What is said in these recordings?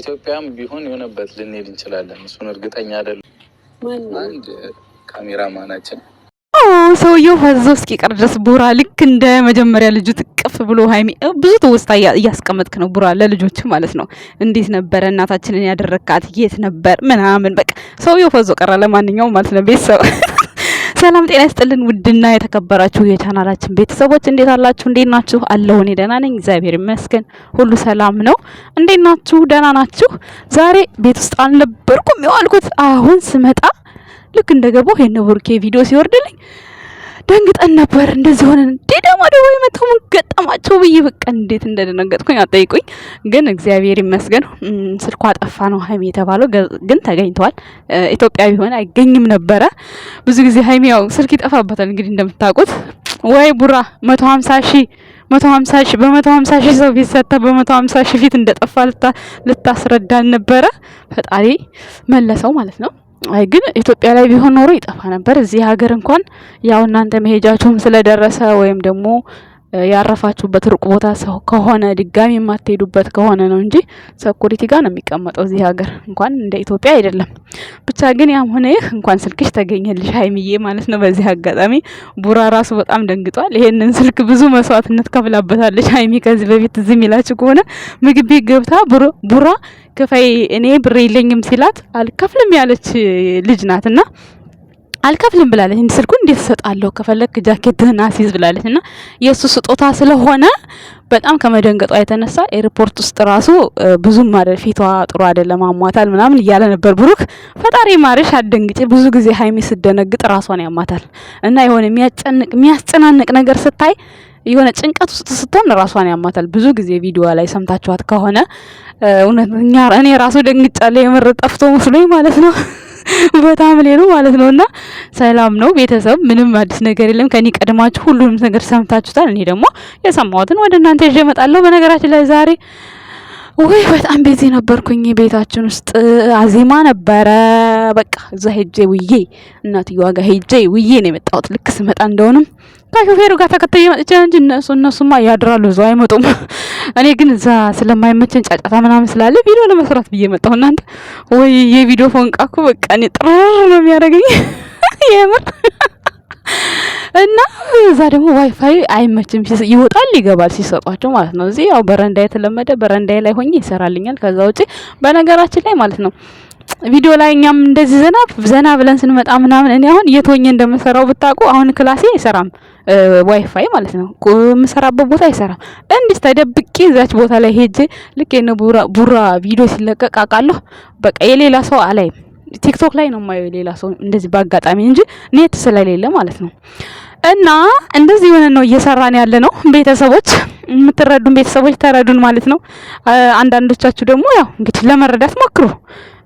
ኢትዮጵያም ቢሆን የሆነበት ልንሄድ እንችላለን። እሱን እርግጠኛ አይደለም። አንድ ካሜራማናችን ሰውየው ፈዞ እስኪቀር ድረስ ቡራ ልክ እንደ መጀመሪያ ልጁ ጥቅፍ ብሎ ሀይሚ ብዙ ትውስታ እያስቀመጥክ ነው ቡራ፣ ለልጆች ማለት ነው። እንዴት ነበረ እናታችንን ያደረካት? የት ነበር? ምናምን በቃ ሰውየው ፈዞ ቀራ። ለማንኛውም ማለት ነው ቤተሰብ ሰላም ጤና ይስጥልን። ውድና የተከበራችሁ የቻናላችን ቤተሰቦች እንዴት አላችሁ? እንዴት ናችሁ? አለሁ እኔ ደህና ነኝ፣ እግዚአብሔር ይመስገን፣ ሁሉ ሰላም ነው። እንዴት ናችሁ? ደህና ናችሁ? ዛሬ ቤት ውስጥ አልነበርኩም የዋልኩት። አሁን ስመጣ ልክ እንደገባሁ የነ ቡርኬ ቪዲዮ ሲወርድልኝ ደንግጠን ነበር። እንደዚህ ሆነ እንዴ ደግሞ ደግሞ የመጣው ምን ገጠማቸው ብዬ በቃ እንዴት እንደደነገጥኩኝ አጠይቁኝ። ግን እግዚአብሔር ይመስገን ስልኳ ጠፋ ነው ሀይሚ የተባለው ግን ተገኝተዋል። ኢትዮጵያ ቢሆን አይገኝም ነበረ። ብዙ ጊዜ ሀይሚ ያው ስልክ ይጠፋበታል እንግዲህ እንደምታውቁት። ወይ ቡራ መቶ ሀምሳ ሺህ መቶ ሀምሳ ሺህ በመቶ ሀምሳ ሺህ ሰው ፊት ሰጥታ በመቶ ሀምሳ ሺህ ፊት እንደጠፋ ልታስረዳን ነበረ። ፈጣሪ መለሰው ማለት ነው። አይ ግን ኢትዮጵያ ላይ ቢሆን ኖሮ ይጠፋ ነበር። እዚህ ሀገር እንኳን ያው እናንተ መሄጃችሁም ስለደረሰ ወይም ደግሞ ያረፋችሁበት ሩቅ ቦታ ሰው ከሆነ ድጋሚ የማትሄዱበት ከሆነ ነው እንጂ ሰኩሪቲ ጋር ነው የሚቀመጠው እዚህ ሀገር እንኳን እንደ ኢትዮጵያ አይደለም። ብቻ ግን ያም ሆነ ይህ እንኳን ስልክሽ ተገኘልሽ ሀይሚዬ ማለት ነው። በዚህ አጋጣሚ ቡራ ራሱ በጣም ደንግጧል። ይሄንን ስልክ ብዙ መስዋዕትነት ከፍላበታለች ሀይሚ። ከዚህ በፊት እዚህ የሚላችሁ ከሆነ ምግብ ቤት ገብታ ቡራ ክፈይ እኔ ብር የለኝም ሲላት አልከፍልም ያለች ልጅ ናትና አልከፍልም ብላለች። እንዲ ስልኩን እንዴት እሰጣለሁ ከፈለክ ጃኬትህን አስይዝ ብላለች። እና የእሱ ስጦታ ስለሆነ በጣም ከመደንገጧ የተነሳ ኤርፖርት ውስጥ ራሱ ብዙም አደ ፊቷ ጥሩ አይደለም አሟታል ምናምን እያለ ነበር ብሩክ። ፈጣሪ ማሪሽ አደንግጭ። ብዙ ጊዜ ሀይሚ ስደነግጥ ራሷን ያማታል እና የሆነ የሚያስጨናንቅ ነገር ስታይ የሆነ ጭንቀት ውስጥ ስትሆን ራሷን ያማታል። ብዙ ጊዜ ቪዲዮ ላይ ሰምታችኋት ከሆነ እውነት እኔ ራሱ ደንግጫለሁ። የምር ጠፍቶ መስሎኝ ማለት ነው። በጣም ሌሎ ማለት ነው። እና ሰላም ነው ቤተሰብ፣ ምንም አዲስ ነገር የለም። ከኔ ቀድማችሁ ሁሉንም ነገር ሰምታችሁታል። እኔ ደግሞ የሰማሁትን ወደ እናንተ ይዤ እመጣለሁ። በነገራችን ላይ ዛሬ ወይ በጣም ቤዚ ነበርኩኝ። ቤታችን ውስጥ አዜማ ነበረ። በቃ እዛ ሄጄ ውዬ እናትዬዋ ጋር ሄጄ ውዬ ነው የመጣሁት። ልክ ስመጣ እንደሆንም ከሾፌሩ ጋር ተከተየ መጥቼ እንጂ እነሱ እነሱማ ያድራሉ እዛው አይመጡም። እኔ ግን እዛ ስለማይመቸን ጫጫታ ምናምን ስላለ ቪዲዮ ለመስራት ብዬ መጣሁ። እናንተ ወይ የቪዲዮ ፎንቃኩ በቃ እኔ ጥሩ ነው የሚያደርገኝ የምር እና እዛ ደግሞ ዋይፋይ አይመችም፣ ይወጣል ይገባል ሲሰጧቸው ማለት ነው። እዚህ ያው በረንዳ የተለመደ በረንዳ ላይ ሆኜ ይሰራልኛል። ከዛ ውጪ በነገራችን ላይ ማለት ነው ቪዲዮ ላይ እኛም እንደዚህ ዘና ዘና ብለን ስንመጣ ምናምን እኔ አሁን የት ሆኜ እንደምሰራው ብታውቁ፣ አሁን ክላሴ አይሰራም ዋይፋይ ማለት ነው። የምሰራበት ቦታ አይሰራም። እንዲህ ተደብቄ እዛች ቦታ ላይ ሄጄ ልክ የነ ቡራ ቪዲዮ ሲለቀቅ አውቃለሁ። በቃ የሌላ ሰው አላይም። ቲክቶክ ላይ ነው የማየው ሌላ ሰው እንደዚህ በአጋጣሚ እንጂ ኔት ስለሌለ ማለት ነው። እና እንደዚህ የሆነ ነው እየሰራን ያለ ነው። ቤተሰቦች የምትረዱን ቤተሰቦች ተረዱን ማለት ነው። አንዳንዶቻችሁ ደግሞ ያው እንግዲህ ለመረዳት ሞክሩ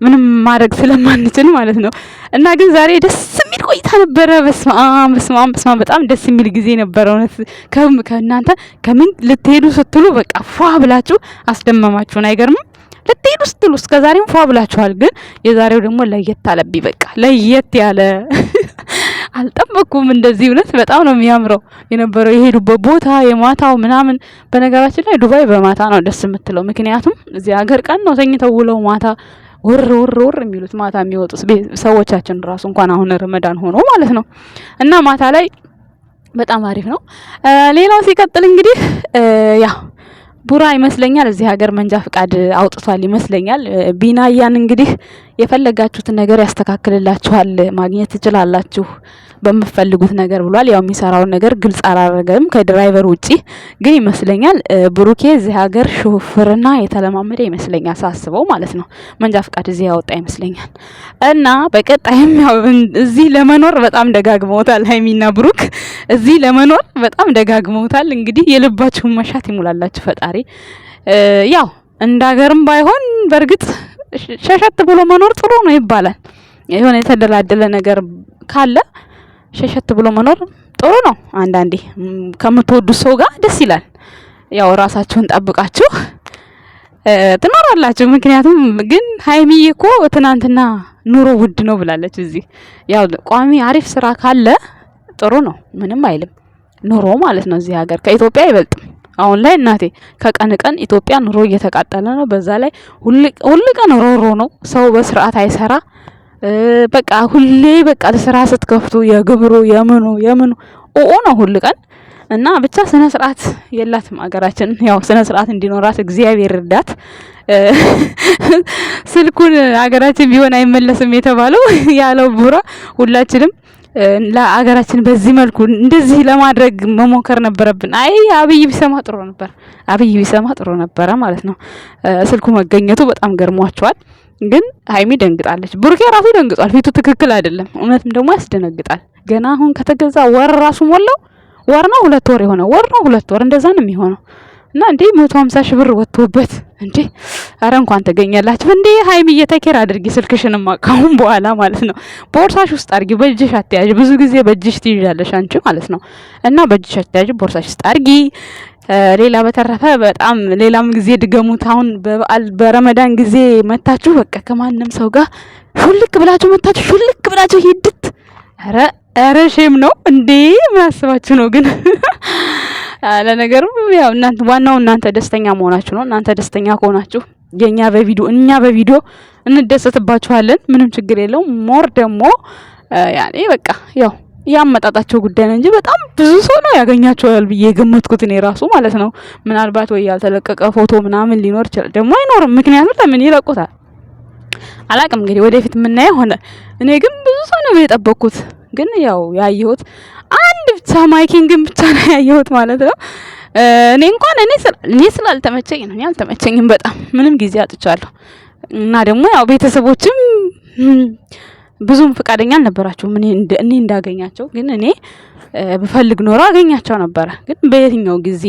ምንም ማድረግ ስለማንችል ማለት ነው። እና ግን ዛሬ ደስ የሚል ቆይታ ነበረ። በስማም በስማም በስማም በጣም ደስ የሚል ጊዜ ነበረ። እውነት ከእናንተ ከምን ልትሄዱ ስትሉ በቃ ፏ ብላችሁ አስደመማችሁን። አይገርምም? ልትሄዱ ስትሉ እስከ ዛሬም ፏ ብላችኋል። ግን የዛሬው ደግሞ ለየት አለብኝ። በቃ ለየት ያለ አልጠበኩም። እንደዚህ እውነት በጣም ነው የሚያምረው የነበረው የሄዱበት ቦታ የማታው ምናምን። በነገራችን ላይ ዱባይ በማታ ነው ደስ የምትለው፣ ምክንያቱም እዚህ ሀገር ቀን ነው ተኝተው ውለው ማታ ውር ውር ውር የሚሉት ማታ የሚወጡት ሰዎቻችን ራሱ እንኳን አሁን ረመዳን ሆኖ ማለት ነው እና ማታ ላይ በጣም አሪፍ ነው። ሌላው ሲቀጥል እንግዲህ ያው ቡራ ይመስለኛል እዚህ ሀገር መንጃ ፍቃድ አውጥቷል ይመስለኛል። ቢናያን እንግዲህ የፈለጋችሁትን ነገር ያስተካክልላችኋል፣ ማግኘት ትችላላችሁ በምትፈልጉት ነገር ብሏል። ያው የሚሰራውን ነገር ግልጽ አላረገም ከድራይቨር ውጪ ግን ይመስለኛል ብሩኬ እዚህ ሀገር ሹፍርና የተለማመደ ይመስለኛል ሳስበው ማለት ነው። መንጃ ፍቃድ እዚህ ያወጣ ይመስለኛል እና በቀጣይም ያው እዚህ ለመኖር በጣም ደጋግመውታል። ሀይሚና ብሩክ እዚህ ለመኖር በጣም ደጋግመውታል። እንግዲህ የልባችሁን መሻት ይሙላላችሁ ፈጣሪ ያው እንዳገርም ባይሆን በእርግጥ ሸሸት ብሎ መኖር ጥሩ ነው ይባላል። የሆነ የተደላደለ ነገር ካለ ሸሸት ብሎ መኖር ጥሩ ነው። አንዳንዴ ከምትወዱት ሰው ጋር ደስ ይላል። ያው ራሳችሁን ጠብቃችሁ ትኖራላችሁ። ምክንያቱም ግን ሀይሚዬ እኮ ትናንትና ኑሮ ውድ ነው ብላለች። እዚህ ያው ቋሚ አሪፍ ስራ ካለ ጥሩ ነው፣ ምንም አይልም ኑሮ ማለት ነው። እዚህ ሀገር ከኢትዮጵያ አይበልጥም። አሁን ላይ እናቴ ከቀን ቀን ኢትዮጵያ ኑሮ እየተቃጠለ ነው። በዛ ላይ ሁል ቀን ሮሮ ነው። ሰው በስርዓት አይሰራ በቃ ሁሌ በቃ ስራ ስትከፍቱ የግብሩ የምኑ የምኑ ኦኦ ነው ሁል ቀን እና ብቻ ስነ ስርዓት የላትም አገራችን። ያው ስነ ስርዓት እንዲኖራት እግዚአብሔር እርዳት። ስልኩን አገራችን ቢሆን አይመለስም የተባለው ያለው ቡራ ሁላችንም ለአገራችን በዚህ መልኩ እንደዚህ ለማድረግ መሞከር ነበረብን። አይ አብይ ቢሰማ ጥሩ ነበር፣ አብይ ቢሰማ ጥሩ ነበረ ማለት ነው። ስልኩ መገኘቱ በጣም ገርሟቸዋል። ግን ሀይሚ ደንግጣለች፣ ብሩኬ ራሱ ደንግጧል። ፊቱ ትክክል አይደለም፣ እውነትም ደግሞ ያስደነግጣል። ገና አሁን ከተገዛ ወር ራሱ ሞላው። ወር ነው ሁለት ወር የሆነ ወር ነው ሁለት ወር እንደዛ ነው የሚሆነው እና እንዴ መቶ ሀምሳ ሺህ ብር ወጥቶበት እንዴ አረ እንኳን ተገኘላችሁ እንዴ ሀይሚ እየተኬር አድርጊ ስልክሽንማ ካሁን በኋላ ማለት ነው ቦርሳሽ ውስጥ አድርጊ በእጅሽ አትያዥ ብዙ ጊዜ በእጅሽ ትይዣለሽ አንቺ ማለት ነው እና በእጅሽ አትያዥ ቦርሳሽ ውስጥ አድርጊ ሌላ በተረፈ በጣም ሌላም ጊዜ ድገሙት አሁን በበዓል በረመዳን ጊዜ መታችሁ በቃ ከማንም ሰው ጋር ሹልክ ብላችሁ መታችሁ ሹልክ ብላችሁ ሂድት ኧረ ኧረ ሼም ነው እንዴ ምን አስባችሁ ነው ግን ለነገሩ ያው እናንተ ዋናው እናንተ ደስተኛ መሆናችሁ ነው። እናንተ ደስተኛ ከሆናችሁ የኛ በቪዲዮ እኛ በቪዲዮ እንደሰትባችኋለን። ምንም ችግር የለውም። ሞር ደግሞ ያኔ በቃ ያው ያመጣጣቸው ጉዳይ ነው እንጂ በጣም ብዙ ሰው ነው ያገኛቸዋል ብዬ የገመትኩት እኔ ራሱ ማለት ነው። ምናልባት ወይ ያልተለቀቀ ፎቶ ምናምን ሊኖር ይችላል። ደግሞ አይኖርም፣ ምክንያቱም ለምን ይለቁታል? አላቅም እንግዲህ ወደፊት የምናየው ሆነ። እኔ ግን ብዙ ሰው ነው የጠበቅኩት። ግን ያው ያየሁት አንድ ብቻ ማይኪንግን ብቻ ነው ያየሁት ማለት ነው። እኔ እንኳን እኔ ስላልተመቸኝ ነው አልተመቸኝም። በጣም ምንም ጊዜ አጥቻለሁ እና ደግሞ ያው ቤተሰቦችም ብዙም ፈቃደኛ አልነበራቸውም እኔ እንዳገኛቸው። ግን እኔ ብፈልግ ኖሮ አገኛቸው ነበረ። ግን በየትኛው ጊዜ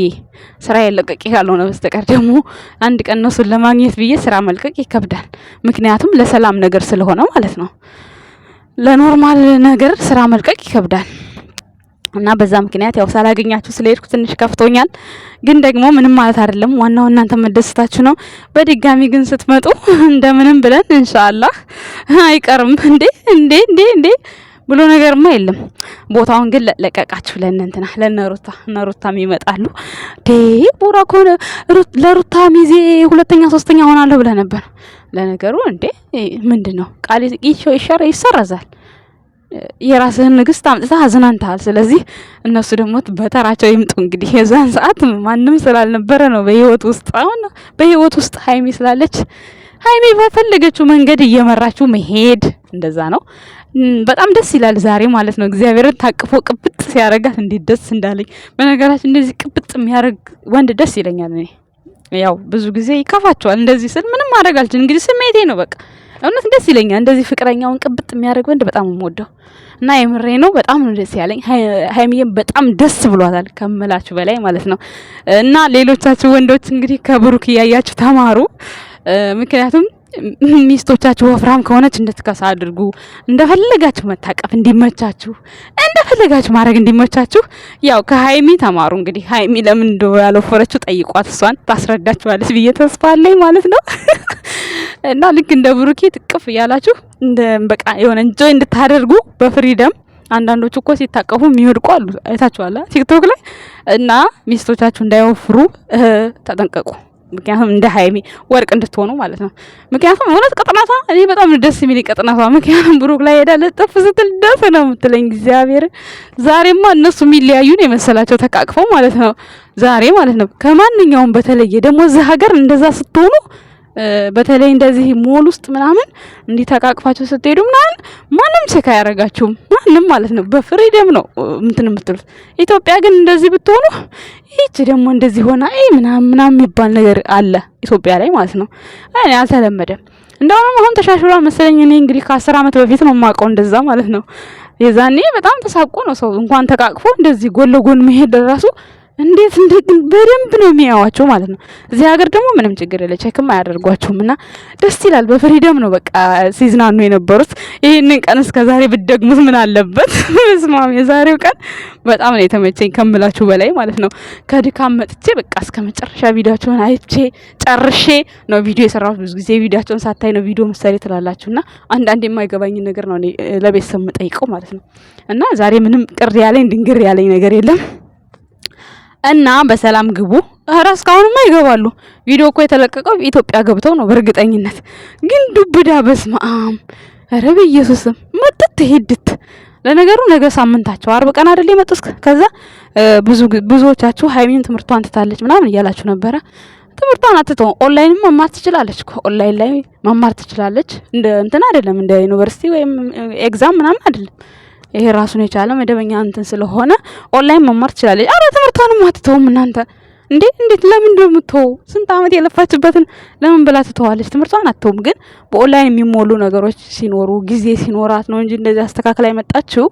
ስራ የለቀቄ ካልሆነ በስተቀር ደግሞ አንድ ቀን እነሱን ለማግኘት ብዬ ስራ መልቀቅ ይከብዳል። ምክንያቱም ለሰላም ነገር ስለሆነ ማለት ነው። ለኖርማል ነገር ስራ መልቀቅ ይከብዳል እና በዛ ምክንያት ያው ሳላገኛችሁ ስለሄድኩ ትንሽ ከፍቶኛል። ግን ደግሞ ምንም ማለት አይደለም። ዋናው እናንተ መደሰታችሁ ነው። በድጋሚ ግን ስትመጡ እንደምንም ብለን እንሻላህ አይቀርም እንዴ እንዴ እንዴ እንዴ ብሎ ነገርማ የለም። ቦታውን ግን ለቀቃችሁ ለእነንትና እንትና ሩታ እነ ሩታም ይመጣሉ። ዴ ቦራ ከሆነ ለሩታ ሚዜ ሁለተኛ ሶስተኛ ሆናለሁ ብለ ነበር። ለነገሩ እንዴ ምንድን ነው ቃል ይሻረ ይሰረዛል። የራስህን ንግስት አምጥታ አዝናንተሃል። ስለዚህ እነሱ ደግሞ በተራቸው ይምጡ። እንግዲህ የዛን ሰዓት ማንም ስላልነበረ ነው በህይወት ውስጥ አሁን በህይወት ውስጥ ሀይሚ ስላለች ሀይሚ በፈለገችው መንገድ እየመራችሁ መሄድ እንደዛ ነው። በጣም ደስ ይላል ዛሬ ማለት ነው። እግዚአብሔርን ታቅፎ ቅብጥ ሲያደርጋት እንዴት ደስ እንዳለኝ። በነገራችን እንደዚህ ቅብጥ የሚያደርግ ወንድ ደስ ይለኛል። እኔ ያው ብዙ ጊዜ ይከፋቸዋል እንደዚህ ስል ምንም ማድረግ አልችል። እንግዲህ ስሜቴ ነው በቃ እውነት ደስ ይለኛል። እንደዚህ ፍቅረኛውን ቅብጥ የሚያደርግ ወንድ በጣም የምወደው እና የምሬ ነው። በጣም ነው ደስ ያለኝ። ሀይሚዬም በጣም ደስ ብሏታል ከምላችሁ በላይ ማለት ነው። እና ሌሎቻችሁ ወንዶች እንግዲህ ከብሩክ እያያችሁ ተማሩ። ምክንያቱም ሚስቶቻችሁ ወፍራም ከሆነች እንድትከሳ አድርጉ። እንደፈለጋችሁ መታቀፍ እንዲመቻችሁ፣ እንደፈለጋችሁ ማድረግ እንዲመቻችሁ ያው ከሀይሚ ተማሩ። እንግዲህ ሀይሚ ለምን እንደ ያልወፈረችው ጠይቋት፣ እሷን ታስረዳችኋለች ብዬ ተስፋ አለኝ ማለት ነው። እና ልክ እንደ ብሩኬ ትቅፍ እያላችሁ በቃ የሆነ እንጆይ እንድታደርጉ በፍሪደም አንዳንዶቹ እኮ ሲታቀፉ የሚወድቁ አሉ፣ አይታችኋላ ቲክቶክ ላይ እና ሚስቶቻችሁ እንዳይወፍሩ ተጠንቀቁ። ምክንያቱም እንደ ሀይሚ ወርቅ እንድትሆኑ ማለት ነው። ምክንያቱም እውነት ቅጥነቷ እኔ በጣም ደስ የሚል ቅጥነቷ፣ ምክንያቱም ብሩክ ላይ ሄዳ ለጠፍ ስትል ደስ ነው የምትለኝ። እግዚአብሔር ዛሬማ እነሱ የሚለያዩ ነው የመሰላቸው ተቃቅፈው ማለት ነው ዛሬ ማለት ነው ከማንኛውም በተለየ ደግሞ እዚህ ሀገር እንደዛ ስትሆኑ በተለይ እንደዚህ ሞል ውስጥ ምናምን እንዲህ ተቃቅፋችሁ ስትሄዱ ምናምን ማንም ሴካ አያደርጋችሁም። ማንም ማለት ነው በፍሪደም ነው እንትን የምትሉት። ኢትዮጵያ ግን እንደዚህ ብትሆኑ ይቺ ደግሞ እንደዚህ ሆና ይ ምናምን ምናምን የሚባል ነገር አለ ኢትዮጵያ ላይ ማለት ነው። እኔ አልተለመደም። እንደውም አሁን ተሻሽሏ መሰለኝ። እኔ እንግዲህ ከአስር ዓመት በፊት ነው የማውቀው እንደዛ ማለት ነው። የዛኔ በጣም ተሳቆ ነው ሰው እንኳን ተቃቅፎ እንደዚህ ጎን ለጎን መሄድ ራሱ እንዴት እንደ በደንብ ነው የሚያዋቸው ማለት ነው። እዚህ ሀገር ደግሞ ምንም ችግር የለ፣ ቼክም አያደርጓቸውም እና ደስ ይላል። በፍሪደም ነው በቃ ሲዝናኑ የነበሩት። ይህንን ቀን እስከ ዛሬ ብደግሙት ምን አለበት? ስማም የዛሬው ቀን በጣም ነው የተመቸኝ ከምላችሁ በላይ ማለት ነው። ከድካም መጥቼ በቃ እስከ መጨረሻ ቪዲዮቸውን አይቼ ጨርሼ ነው ቪዲዮ የሰራሁት። ብዙ ጊዜ ቪዲዮቸውን ሳታይ ነው ቪዲዮ መሳሌ ትላላችሁ እና አንዳንድ የማይገባኝ ነገር ነው ለቤተሰብ የምጠይቀው ማለት ነው እና ዛሬ ምንም ቅር ያለኝ ድንግር ያለኝ ነገር የለም። እና በሰላም ግቡ። ራስ እስካሁንማ ይገባሉ። ቪዲዮ እኮ የተለቀቀው ኢትዮጵያ ገብተው ነው በእርግጠኝነት። ግን ዱብዳ በስማም እረ በኢየሱስም መጥት ሄድት ለነገሩ ነገ ሳምንታቸው አርብ ቀን አይደል የመጡስ? ከዛ ብዙ ብዙዎቻችሁ ሀይሚን ትምህርቷን ትታለች ምናምን እያላችሁ ነበረ። ትምህርቷን አትተው፣ ኦንላይን መማር ትችላለች እኮ ኦንላይን ላይ መማር ትችላለች። እንደ እንትን አይደለም እንደ ዩኒቨርሲቲ ወይም ኤግዛም ምናምን አይደለም። ይሄ ራሱን የቻለ መደበኛ እንትን ስለሆነ ኦንላይን መማር ትችላለች። አረ ትምህርቷንም አትተውም እናንተ እንዴ! እንዴት ለምን እንደምትተው ስንት ዓመት የለፋችበትን ለምን ብላ ትተዋለች? ትምህርቷን አትተውም፣ ግን በኦንላይን የሚሞሉ ነገሮች ሲኖሩ ጊዜ ሲኖራት ነው እንጂ እንደዚህ አስተካክላ የመጣችው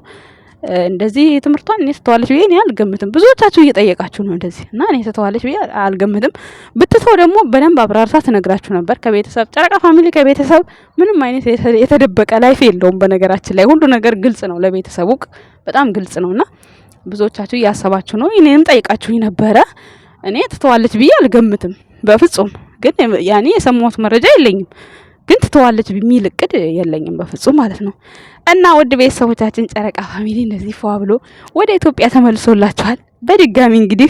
እንደዚህ ትምህርቷን እኔ ስተዋለች ብዬ እኔ አልገምትም። ብዙዎቻችሁ እየጠየቃችሁ ነው እንደዚህ እና እኔ ስተዋለች ብዬ አልገምትም። ብትተው ደግሞ በደንብ አብራርታ ትነግራችሁ ነበር። ከቤተሰብ ጨረቃ ፋሚሊ ከቤተሰብ ምንም አይነት የተደበቀ ላይፍ የለውም። በነገራችን ላይ ሁሉ ነገር ግልጽ ነው፣ ለቤተሰቡ በጣም ግልጽ ነው እና ብዙዎቻችሁ እያሰባችሁ ነው። እኔንም ጠይቃችሁኝ ነበረ። እኔ ትተዋለች ብዬ አልገምትም በፍጹም። ግን ያኔ የሰማሁት መረጃ የለኝም። ግን ትተዋለች የሚል እቅድ የለኝም በፍጹም ማለት ነው። እና ውድ ቤተሰቦቻችን ጨረቃ ፋሚሊ እንደዚህ ፏ ብሎ ወደ ኢትዮጵያ ተመልሶላችኋል። በድጋሚ እንግዲህ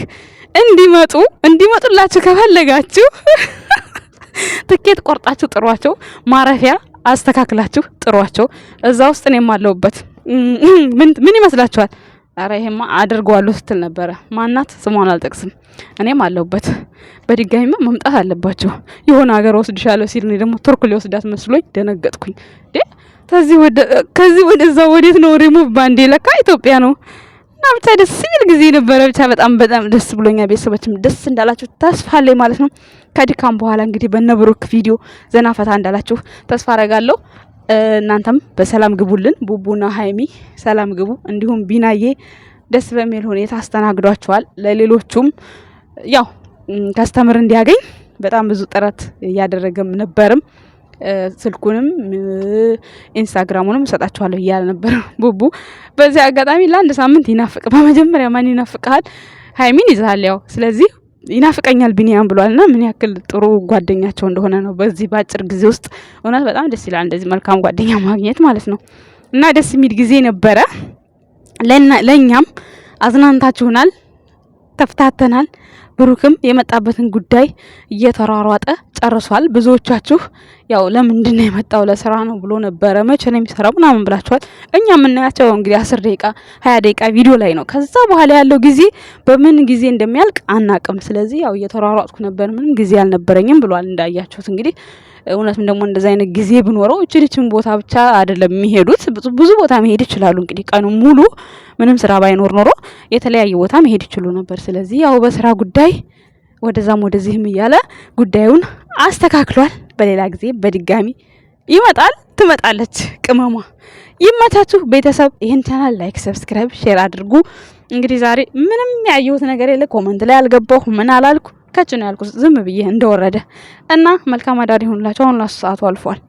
እንዲመጡ እንዲመጡላችሁ ከፈለጋችሁ ትኬት ቆርጣችሁ ጥሯቸው፣ ማረፊያ አስተካክላችሁ ጥሯቸው። እዛ ውስጥ እኔም አለሁበት። ምን ይመስላችኋል? አረ ይሄማ አድርገዋለሁ ስትል ነበረ። ማናት ስሟን አልጠቅስም። እኔም አለሁበት። በድጋሚማ መምጣት አለባቸው የሆነ ሀገር ወስድሻለሁ ሲል እኔ ደግሞ ቱርክ ሊወስዳት መስሎኝ ደነገጥኩኝ። ከዚህ ወደዛ ወዴት ነው ሪሙቭ ባንዴ ለካ ኢትዮጵያ ነው። እና ብቻ ደስ የሚል ጊዜ ነበረ። ብቻ በጣም በጣም ደስ ብሎኛል። ቤተሰቦችም ደስ እንዳላችሁ ተስፋ አለኝ ማለት ነው። ከድካም በኋላ እንግዲህ በነብሩክ ቪዲዮ ዘና ፈታ እንዳላችሁ ተስፋ አረጋለሁ። እናንተም በሰላም ግቡልን። ቡቡና ሀይሚ ሰላም ግቡ። እንዲሁም ቢናዬ ደስ በሚል ሁኔታ አስተናግዷቸዋል። ለሌሎቹም ያው ከስተምር እንዲያገኝ በጣም ብዙ ጥረት እያደረገም ነበርም ስልኩንም ኢንስታግራሙንም እሰጣችኋለሁ እያለ ነበር ቡቡ። በዚህ አጋጣሚ ለአንድ ሳምንት ይናፍቅ። በመጀመሪያ ማን ይናፍቅሃል? ሀይሚን ይዛል ያው ስለዚህ ይናፍቀኛል ቢኒያም እና ምን ያክል ጥሩ ጓደኛቸው እንደሆነ ነው በዚህ በአጭር ጊዜ ውስጥ እውነት በጣም ደስ ይላል። እንደዚህ መልካም ጓደኛ ማግኘት ማለት ነው እና ደስ የሚል ጊዜ ነበረ። ለእኛም አዝናንታችሁናል፣ ተፍታተናል። ብሩክም የመጣበትን ጉዳይ እየተሯሯጠ ጨርሷል። ብዙዎቻችሁ ያው ለምንድን ነው የመጣው ለስራ ነው ብሎ ነበረ መቼ ነው የሚሰራው ምናምን ብላችኋል። እኛ የምናያቸው እንግዲህ አስር ደቂቃ ሀያ ደቂቃ ቪዲዮ ላይ ነው። ከዛ በኋላ ያለው ጊዜ በምን ጊዜ እንደሚያልቅ አናቅም። ስለዚህ ያው እየተሯሯጥኩ ነበር፣ ምንም ጊዜ አልነበረኝም ብሏል። እንዳያችሁት እንግዲህ እውነትም ደግሞ እንደዚ አይነት ጊዜ ብኖረው እችልችን ቦታ ብቻ አይደለም የሚሄዱት፣ ብዙ ቦታ መሄድ ይችላሉ። እንግዲህ ቀኑ ሙሉ ምንም ስራ ባይኖር ኖሮ የተለያየ ቦታ መሄድ ይችሉ ነበር። ስለዚህ ያው በስራ ጉዳይ ወደዛም ወደዚህም እያለ ጉዳዩን አስተካክሏል። በሌላ ጊዜ በድጋሚ ይመጣል። ትመጣለች ቅመሟ። ይመቻችሁ ቤተሰብ። ይህን ቻናል ላይክ፣ ሰብስክራይብ፣ ሼር አድርጉ። እንግዲህ ዛሬ ምንም ያየሁት ነገር የለ። ኮመንት ላይ አልገባሁ ምን አላልኩ ከችን ያልኩ ዝም ብዬ እንደወረደ እና መልካም አዳር ይሁንላችሁ። አሁን ላሱ ሰዓቱ አልፏል።